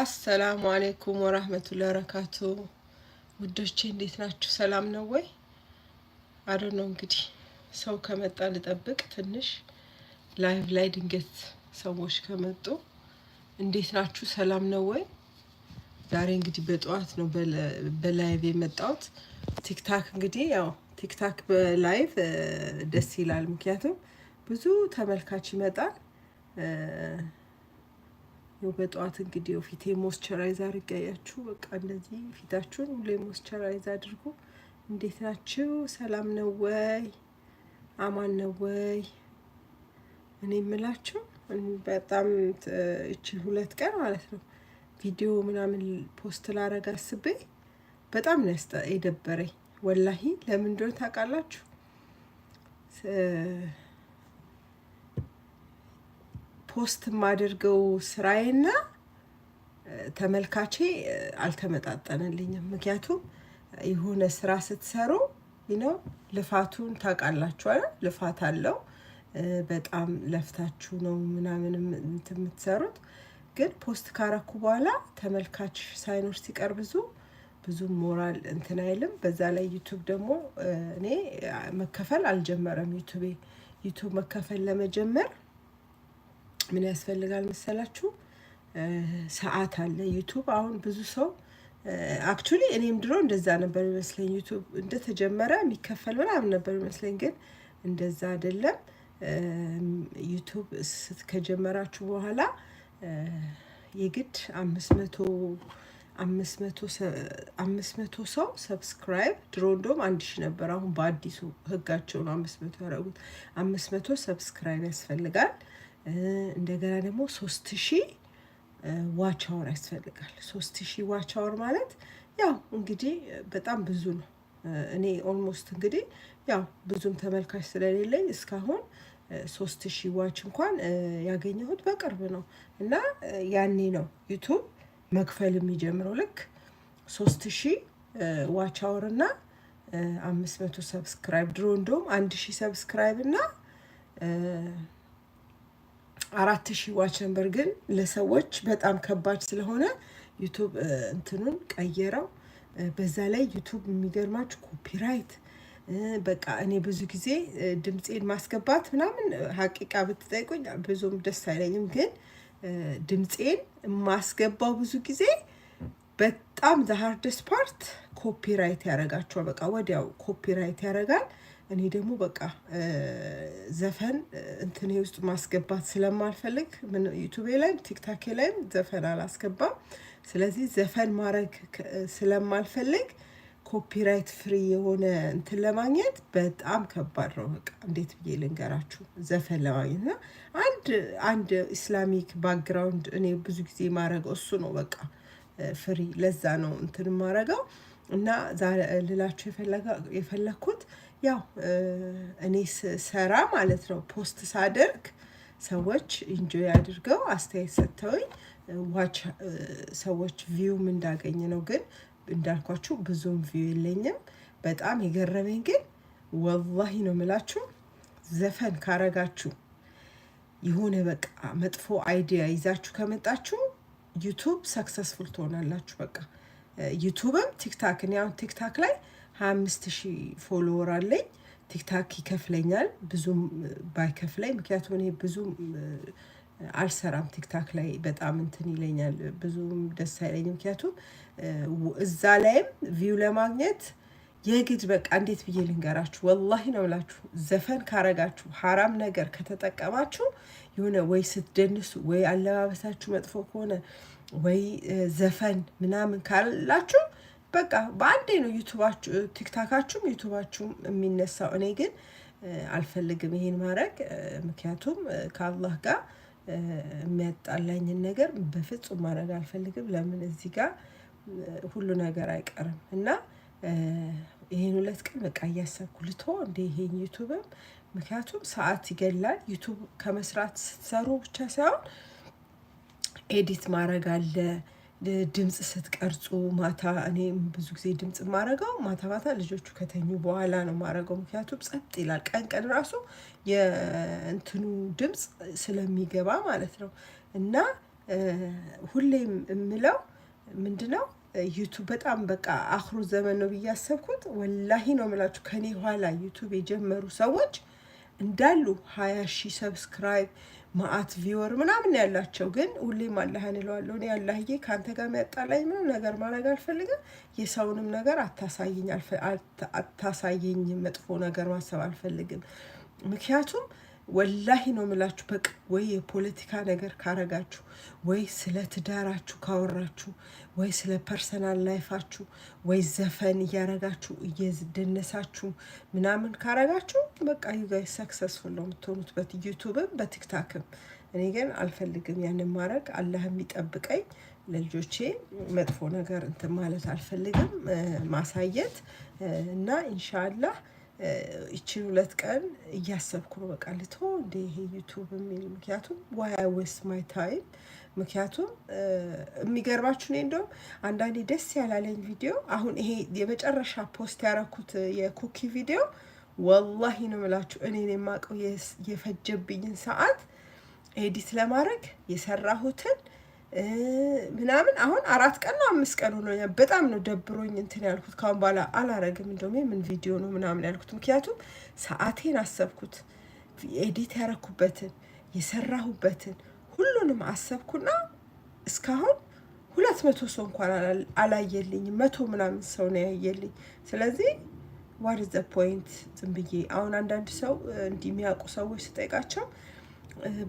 አሰላሙ አሌይኩም ወራህመቱላሂ ወበረካቱ ውዶቼ እንዴት ናችሁ? ሰላም ነው ወይ? አዶ ነው እንግዲህ ሰው ከመጣ ልጠብቅ ትንሽ። ላይቭ ላይ ድንገት ሰዎች ከመጡ እንዴት ናችሁ? ሰላም ነው ወይ? ዛሬ እንግዲህ በጠዋት ነው በላይቭ የመጣሁት። ቲክታክ እንግዲህ ያው ቲክታክ በላይቭ ደስ ይላል፣ ምክንያቱም ብዙ ተመልካች ይመጣል። ያው በጠዋት እንግዲህ ፊቴ ሞስቸራይዝ አድርጋያችሁ በቃ እንደዚህ ፊታችሁን ሁሌ ሞስቸራይዝ አድርጉ። እንዴት ናችሁ? ሰላም ነው ወይ? አማን ነው ወይ? እኔ የምላችሁ በጣም እችን ሁለት ቀን ማለት ነው ቪዲዮ ምናምን ፖስት ላረግ አስቤ በጣም ነው የደበረኝ። ወላሂ ለምን እንደሆነ ታውቃላችሁ? ፖስት የማደርገው ስራዬና ተመልካቼ አልተመጣጠነልኝም። ምክንያቱም የሆነ ስራ ስትሰሩ ነው ልፋቱን ታውቃላችኋል። ልፋት አለው። በጣም ለፍታችሁ ነው ምናምንም የምትሰሩት። ግን ፖስት ካረኩ በኋላ ተመልካች ሳይኖር ሲቀር ብዙ ብዙ ሞራል እንትን አይልም። በዛ ላይ ዩቱብ ደግሞ እኔ መከፈል አልጀመረም። ዩቱቤ ዩቱብ መከፈል ለመጀመር ምን ያስፈልጋል መሰላችሁ? ሰዓት አለ ዩቱብ። አሁን ብዙ ሰው አክቹሊ እኔም ድሮ እንደዛ ነበር ይመስለኝ። ዩቱብ እንደተጀመረ የሚከፈል ምናምን ነበር ይመስለኝ፣ ግን እንደዛ አይደለም። ዩቱብ ከጀመራችሁ በኋላ የግድ አምስት መቶ ሰው ሰብስክራይብ ድሮ እንደውም አንድ ሺ ነበር። አሁን በአዲሱ ህጋቸው ነው አምስት መቶ ያደረጉት። አምስት መቶ ሰብስክራይብ ያስፈልጋል። እንደገና ደግሞ ሶስት ሺህ ዋች አወር ያስፈልጋል። ሶስት ሺህ ዋች አወር ማለት ያው እንግዲህ በጣም ብዙ ነው። እኔ ኦልሞስት እንግዲህ ያው ብዙም ተመልካች ስለሌለኝ እስካሁን ሶስት ሺህ ዋች እንኳን ያገኘሁት በቅርብ ነው እና ያኔ ነው ዩቱብ መክፈል የሚጀምረው ልክ ሶስት ሺህ ዋች አወር እና አምስት መቶ ሰብስክራይብ ድሮ እንደውም አንድ ሺህ ሰብስክራይብ እና አራት ሺህ ዋች ነበር፣ ግን ለሰዎች በጣም ከባድ ስለሆነ ዩቱብ እንትኑን ቀየረው። በዛ ላይ ዩቱብ የሚገርማችሁ ኮፒራይት በቃ እኔ ብዙ ጊዜ ድምፄን ማስገባት ምናምን ሀቂቃ ብትጠይቁኝ ብዙም ደስ አይለኝም፣ ግን ድምፄን ማስገባው ብዙ ጊዜ በጣም ዘሃርደስ ፓርት ኮፒራይት ያደርጋቸዋል። በቃ ወዲያው ኮፒራይት ያደርጋል። እኔ ደግሞ በቃ ዘፈን እንትኔ ውስጥ ማስገባት ስለማልፈልግ ዩቱቤ ላይም ቲክታኬ ላይም ዘፈን አላስገባም። ስለዚህ ዘፈን ማድረግ ስለማልፈልግ ኮፒራይት ፍሪ የሆነ እንትን ለማግኘት በጣም ከባድ ነው። በቃ እንዴት ብዬ ልንገራችሁ ዘፈን ለማግኘት እና አንድ አንድ ኢስላሚክ ባክግራውንድ እኔ ብዙ ጊዜ ማድረገው እሱ ነው። በቃ ፍሪ ለዛ ነው እንትን ማድረገው እና ዛሬ ልላችሁ የፈለኩት ያው እኔ ሰራ ማለት ነው ፖስት ሳደርግ ሰዎች ኢንጆይ አድርገው አስተያየት ሰጥተውኝ ዋች ሰዎች ቪውም እንዳገኝ ነው። ግን እንዳልኳችሁ ብዙም ቪው የለኝም። በጣም የገረመኝ ግን ወላሂ ነው የምላችሁ ዘፈን ካረጋችሁ የሆነ በቃ መጥፎ አይዲያ ይዛችሁ ከመጣችሁ ዩቱብ ሰክሰስፉል ትሆናላችሁ። በቃ ዩቱብም ቲክታክ ቲክታክ ላይ አምስት ሺህ ፎሎወር አለኝ። ቲክታክ ይከፍለኛል ብዙም ባይከፍለኝ፣ ምክንያቱም እኔ ብዙም አልሰራም ቲክታክ ላይ በጣም እንትን ይለኛል፣ ብዙም ደስ አይለኝም። ምክንያቱም እዛ ላይም ቪው ለማግኘት የግድ በቃ እንዴት ብዬ ልንገራችሁ? ወላሂ ነው ላችሁ ዘፈን ካረጋችሁ ሀራም ነገር ከተጠቀማችሁ የሆነ ወይ ስትደንሱ ወይ አለባበሳችሁ መጥፎ ከሆነ ወይ ዘፈን ምናምን ካላችሁ በቃ በአንዴ ነው ዩቱባችሁ ቲክታካችሁም ዩቱባችሁም የሚነሳው። እኔ ግን አልፈልግም ይሄን ማድረግ፣ ምክንያቱም ከአላህ ጋር የሚያጣላኝን ነገር በፍጹም ማድረግ አልፈልግም። ለምን እዚህ ጋር ሁሉ ነገር አይቀርም እና ይሄን ሁለት ቀን በቃ እያሰብኩ ልቶ እንደ ይሄን ዩቱብም ምክንያቱም ሰዓት ይገላል። ዩቱብ ከመስራት ስትሰሩ ብቻ ሳይሆን ኤዲት ማድረግ አለ ድምፅ ስትቀርጹ ማታ እኔ ብዙ ጊዜ ድምፅ ማረገው ማታ ማታ ልጆቹ ከተኙ በኋላ ነው ማረገው። ምክንያቱም ጸጥ ይላል። ቀን ቀን ራሱ የእንትኑ ድምፅ ስለሚገባ ማለት ነው። እና ሁሌም የምለው ምንድነው ዩቱብ በጣም በቃ አክሩ ዘመን ነው ብዬ ያሰብኩት ወላሂ ነው የምላችሁ። ከኔ ኋላ ዩቱብ የጀመሩ ሰዎች እንዳሉ ሀያ ሺህ ሰብስክራይብ ማአት ቪወር ምናምን ያላቸው ግን ሁሌም አላህን እለዋለሁ። እኔ አላህዬ ከአንተ ጋር የሚያጣላኝ ምንም ነገር ማድረግ አልፈልግም። የሰውንም ነገር አታሳየኝ አታሳየኝ፣ መጥፎ ነገር ማሰብ አልፈልግም። ምክንያቱም ወላሂ ነው የምላችሁ። በቃ ወይ የፖለቲካ ነገር ካረጋችሁ፣ ወይ ስለ ትዳራችሁ ካወራችሁ፣ ወይ ስለ ፐርሰናል ላይፋችሁ፣ ወይ ዘፈን እያረጋችሁ እየደነሳችሁ ምናምን ካረጋችሁ በቃ ዩጋይ ሰክሰስፉል ነው የምትሆኑት በዩቱብም በቲክታክም። እኔ ግን አልፈልግም ያንን ማድረግ። አላህ ይጠብቀኝ። ለልጆቼ መጥፎ ነገር እንትን ማለት አልፈልግም ማሳየት እና ኢንሻላህ ይችን ሁለት ቀን እያሰብኩ ነው። በቃ ልቶ እንደ ይሄ ዩቱብ የሚል ምክንያቱም ዋይ ዌስት ማይ ታይም ምክንያቱም የሚገርባችሁ እኔ እንደውም አንዳንዴ ደስ ያላለኝ ቪዲዮ አሁን ይሄ የመጨረሻ ፖስት ያረኩት የኩኪ ቪዲዮ ወላሂ ነው ምላችሁ እኔን የማውቀው የፈጀብኝን ሰዓት ኤዲት ለማድረግ የሰራሁትን ምናምን አሁን አራት ቀን ነው አምስት ቀን ሆኖኛል። በጣም ነው ደብሮኝ እንትን ያልኩት። ካሁን በኋላ አላረግም። እንደውም ምን ቪዲዮ ነው ምናምን ያልኩት። ምክንያቱም ሰዓቴን አሰብኩት፣ ኤዲት ያረኩበትን የሰራሁበትን ሁሉንም አሰብኩና እስካሁን ሁለት መቶ ሰው እንኳን አላየልኝ መቶ ምናምን ሰው ነው ያየልኝ። ስለዚህ ዋት ዘ ፖይንት ዝም ብዬ አሁን አንዳንድ ሰው እንዲህ የሚያውቁ ሰዎች ስጠይቃቸው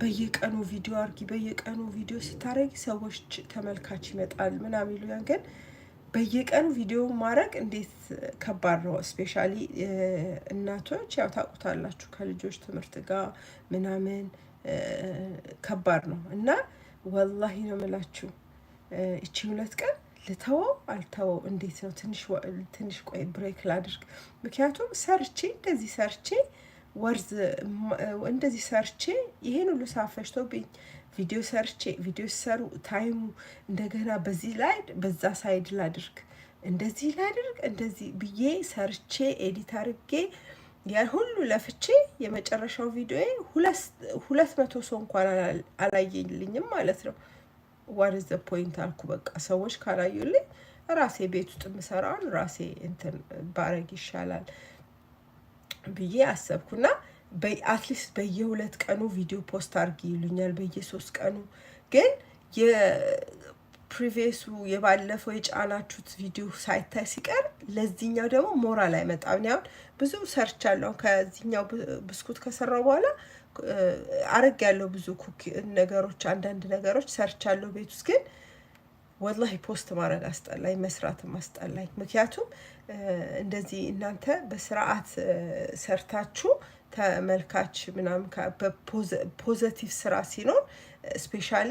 በየቀኑ ቪዲዮ አርጊ፣ በየቀኑ ቪዲዮ ስታረጊ ሰዎች ተመልካች ይመጣል ምናምን ይሉያን። ግን በየቀኑ ቪዲዮ ማድረግ እንዴት ከባድ ነው። እስፔሻሊ እናቶች ያው ታውቁታላችሁ፣ ከልጆች ትምህርት ጋር ምናምን ከባድ ነው እና ወላሂ ነው የምላችሁ እቺ ሁለት ቀን ልተወው አልተወው እንዴት ነው ትንሽ ቆይ ብሬክ ላድርግ። ምክንያቱም ሰርቼ እንደዚህ ሰርቼ ወርዝ እንደዚህ ሰርቼ ይሄን ሁሉ ሳፈሽቶብኝ ቪዲዮ ሰርቼ ቪዲዮ ሲሰሩ ታይሙ እንደገና በዚህ ላይ በዛ ሳይድ ላድርግ እንደዚህ ላድርግ እንደዚህ ብዬ ሰርቼ ኤዲት አድርጌ ሁሉ ለፍቼ የመጨረሻው ቪዲዮ ሁለት መቶ ሰው እንኳን አላየልኝም ማለት ነው። ዘ ፖይንት አልኩ። በቃ ሰዎች ካላዩልኝ ራሴ ቤት ውስጥ የምሰራውን ራሴ እንትን ባረግ ይሻላል። ብዬ አሰብኩና አትሊስት በየሁለት ቀኑ ቪዲዮ ፖስት አድርጊ ይሉኛል፣ በየሶስት ቀኑ ግን የፕሪቪየሱ የባለፈው የጫናችሁት ቪዲዮ ሳይታይ ሲቀር ለዚህኛው ደግሞ ሞራል አይመጣም። እኔ አሁን ብዙ ሰርቻለሁ። ከዚህኛው ብስኩት ከሰራው በኋላ አረግ ያለው ብዙ ኩኪ ነገሮች አንዳንድ ነገሮች ሰርቻለሁ ቤት ውስጥ ግን ወላሂ ፖስት ማድረግ አስጠላኝ፣ መስራትም አስጠላኝ። ምክንያቱም እንደዚህ እናንተ በስርዓት ሰርታችሁ ተመልካች ምናምን በፖዘቲቭ ስራ ሲኖር ስፔሻሊ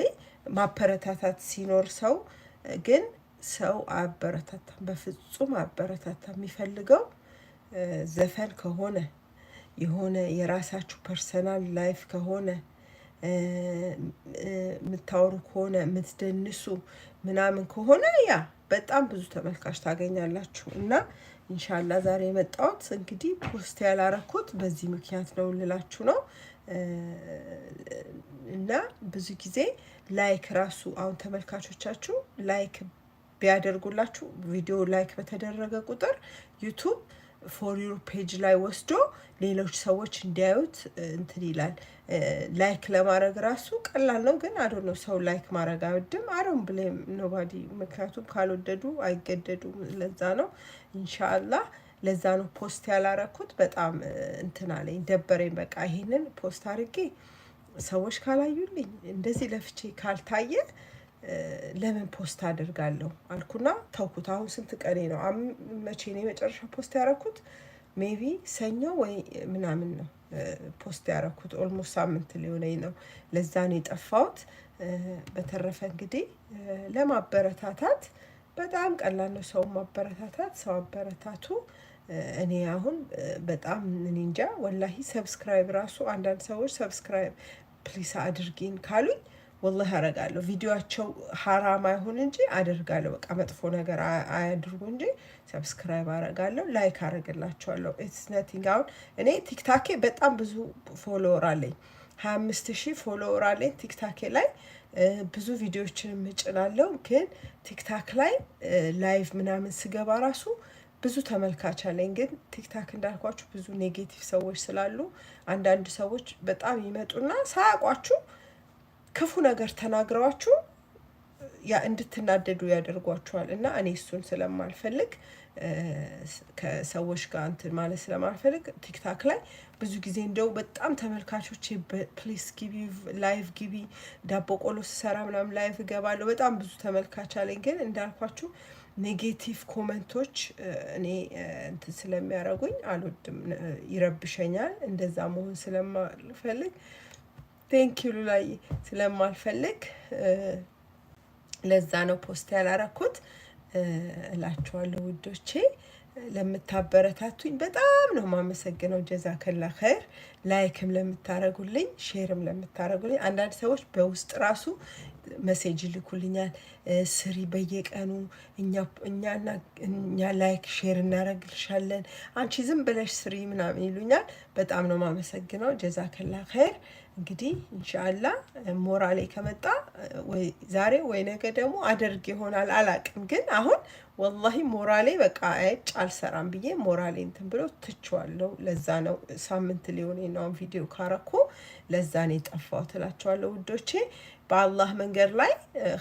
ማበረታታት ሲኖር ሰው ግን ሰው አያበረታታም፣ በፍጹም አያበረታታም። የሚፈልገው ዘፈን ከሆነ የሆነ የራሳችሁ ፐርሰናል ላይፍ ከሆነ የምታወሩ ከሆነ የምትደንሱ ምናምን ከሆነ ያ በጣም ብዙ ተመልካች ታገኛላችሁ። እና እንሻላ ዛሬ የመጣሁት እንግዲህ ፖስት ያላረኩት በዚህ ምክንያት ነው ልላችሁ ነው። እና ብዙ ጊዜ ላይክ ራሱ አሁን ተመልካቾቻችሁ ላይክ ቢያደርጉላችሁ ቪዲዮ ላይክ በተደረገ ቁጥር ዩቱብ ፎር ዩር ፔጅ ላይ ወስዶ ሌሎች ሰዎች እንዲያዩት እንትን ይላል። ላይክ ለማድረግ ራሱ ቀላል ነው፣ ግን አዶ ነው ሰው ላይክ ማድረግ አይወድም። አዶን ብሌም ኖባዲ። ምክንያቱም ካልወደዱ አይገደዱም። ለዛ ነው እንሻላ ለዛ ነው ፖስት ያላረኩት። በጣም እንትና አለኝ ደበረኝ። በቃ ይሄንን ፖስት አድርጌ ሰዎች ካላዩልኝ እንደዚህ ለፍቼ ካልታየ ለምን ፖስት አድርጋለሁ አልኩና ተውኩት። አሁን ስንት ቀኔ ነው? መቼ ነው የመጨረሻ ፖስት ያረኩት? ሜቢ ሰኞ ወይ ምናምን ነው ፖስት ያረኩት ኦልሞስት ሳምንት ሊሆነኝ ነው። ለዛ ነው የጠፋሁት። በተረፈ እንግዲህ ለማበረታታት በጣም ቀላል ነው ሰው ማበረታታት። ሰው አበረታቱ። እኔ አሁን በጣም እኔ እንጃ ወላሂ ሰብስክራይብ ራሱ አንዳንድ ሰዎች ሰብስክራይብ ፕሊስ አድርጊን ካሉኝ ወላህ አረጋለሁ። ቪዲዮቸው ሀራም አይሁን እንጂ አደርጋለሁ። በቃ መጥፎ ነገር አያድርጉ እንጂ ሰብስክራይብ አረጋለሁ፣ ላይክ አረግላቸዋለሁ። ኢትስ ነቲንግ። አሁን እኔ ቲክታኬ በጣም ብዙ ፎሎወር አለኝ፣ ሀያ አምስት ሺህ ፎሎወር አለኝ ቲክታኬ ላይ ብዙ ቪዲዮዎችን የምጭናለው። ግን ቲክታክ ላይ ላይቭ ምናምን ስገባ ራሱ ብዙ ተመልካች አለኝ። ግን ቲክታክ እንዳልኳችሁ ብዙ ኔጌቲቭ ሰዎች ስላሉ አንዳንድ ሰዎች በጣም ይመጡና ሳያውቋችሁ ክፉ ነገር ተናግረዋችሁ ያ እንድትናደዱ ያደርጓችኋል እና እኔ እሱን ስለማልፈልግ ከሰዎች ጋር እንትን ማለት ስለማልፈልግ ቲክታክ ላይ ብዙ ጊዜ እንደው በጣም ተመልካቾች ፕሊስ ጊቢ ላይቭ ጊቢ ዳቦ ቆሎ ስሰራ ምናምን ላይቭ እገባለሁ። በጣም ብዙ ተመልካች አለኝ። ግን እንዳልኳችሁ ኔጌቲቭ ኮመንቶች እኔ እንትን ስለሚያደርጉኝ አልወድም፣ ይረብሸኛል። እንደዛ መሆን ስለማልፈልግ ቴንኪዩ ላይ ስለማልፈልግ ለዛ ነው ፖስት ያላረኩት እላችኋለሁ ውዶቼ። ለምታበረታቱኝ በጣም ነው የማመሰግነው። ጀዛ ከላ ኸይር። ላይክም ለምታረጉልኝ፣ ሼርም ለምታረጉልኝ አንዳንድ ሰዎች በውስጥ ራሱ መሴጅ ይልኩልኛል። ስሪ በየቀኑ እኛ ላይክ ሼር እናደርግልሻለን፣ አንቺ ዝም ብለሽ ስሪ ምናምን ይሉኛል። በጣም ነው ማመሰግነው። ጀዛከላ ኸይር። እንግዲህ እንሻላ ሞራሌ ከመጣ ወይ ዛሬ ወይ ነገ ደግሞ አደርግ ይሆናል አላቅም። ግን አሁን ወላሂ ሞራሌ በቃ እጭ አልሰራም ብዬ ሞራሌ እንትን ብሎ ትችዋለሁ። ለዛ ነው ሳምንት ሊሆን ናውን ቪዲዮ ካረኩ ለዛ ነው የጠፋው ትላቸዋለሁ ውዶቼ። በአላህ መንገድ ላይ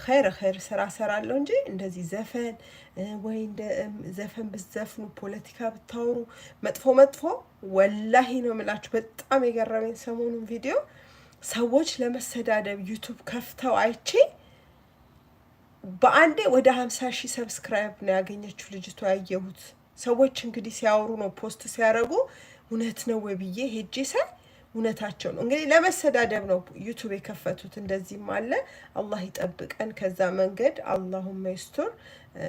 ኸይረ ኸይር ስራ ሰራለሁ እንጂ እንደዚህ ዘፈን ወይ ዘፈን ብትዘፍኑ ፖለቲካ ብታወሩ መጥፎ መጥፎ ወላሂ ነው የምላችሁ። በጣም የገረመኝ ሰሞኑን ቪዲዮ ሰዎች ለመሰዳደብ ዩቱብ ከፍተው አይቼ በአንዴ ወደ ሀምሳ ሺህ ሰብስክራይብ ነው ያገኘችው ልጅቷ ያየሁት። ሰዎች እንግዲህ ሲያወሩ ነው ፖስት ሲያደርጉ እውነት ነው ወይ ብዬ ሄጄ ሳይ እውነታቸው ነው። እንግዲህ ለመሰዳደብ ነው ዩቱብ የከፈቱት። እንደዚህም አለ። አላህ ይጠብቀን ከዛ መንገድ። አላሁመ ይስቱር።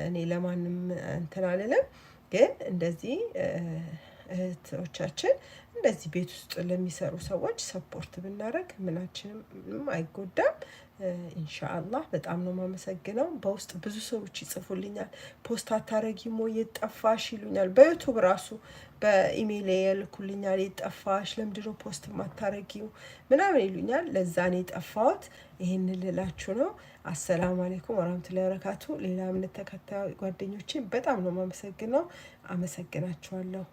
እኔ ለማንም እንትን አልልም፣ ግን እንደዚህ እህቶቻችን እንደዚህ ቤት ውስጥ ለሚሰሩ ሰዎች ሰፖርት ብናደረግ ምናችንም አይጎዳም። ኢንሻአላህ በጣም ነው የማመሰግነው። በውስጥ ብዙ ሰዎች ይጽፉልኛል። ፖስት አታረጊሞ የጠፋሽ ይሉኛል። በዩቱብ ራሱ በኢሜይል የልኩልኛል። የጠፋሽ ለምንድነው ፖስት ማታረጊው ምናምን ይሉኛል። ለዛ እኔ የጠፋሁት ይህን ልላችሁ ነው። አሰላሙ አሌይኩም ወራህመቱላሂ ወበረካቱ። ሌላ እምነት ተከታይ በጣም ነው የማመሰግነው። አመሰግናችኋለሁ።